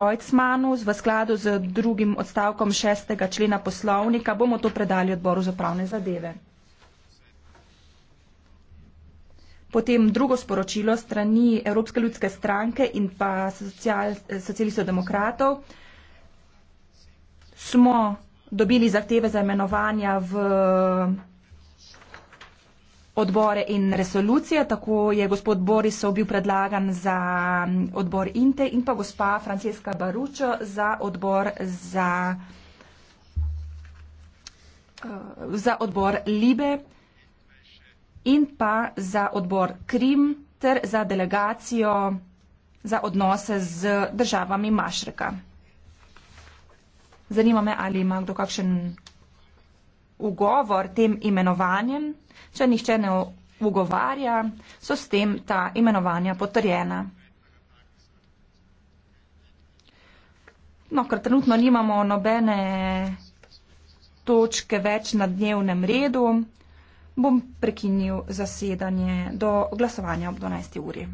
Reutzmanu v skladu z drugim odstavkom 6. člena poslovnika bomo to predali odboru za pravne zadeve. Potem drugo sporočilo strani Evropske ljudske stranke in pa social, socialistov demokratov. Smo dobili zahteve za imenovanja v odbore in resolucije. Tako je gospod Borisov bil predlagan za odbor INTE in pa gospa Franceska Baručo za odbor za, eh, za odbor Libe in pa za odbor Krim ter za delegacijo za odnose z državami Mašreka. Zanima me, ali ima kdo kakšen ugovor tem imenovanjem, če nihče ne ugovarja, so s tem ta imenovanja potrjena. No, ker trenutno nimamo nobene točke več na dnevnem redu, bom prekinil zasedanje do glasovanja ob 12. uri.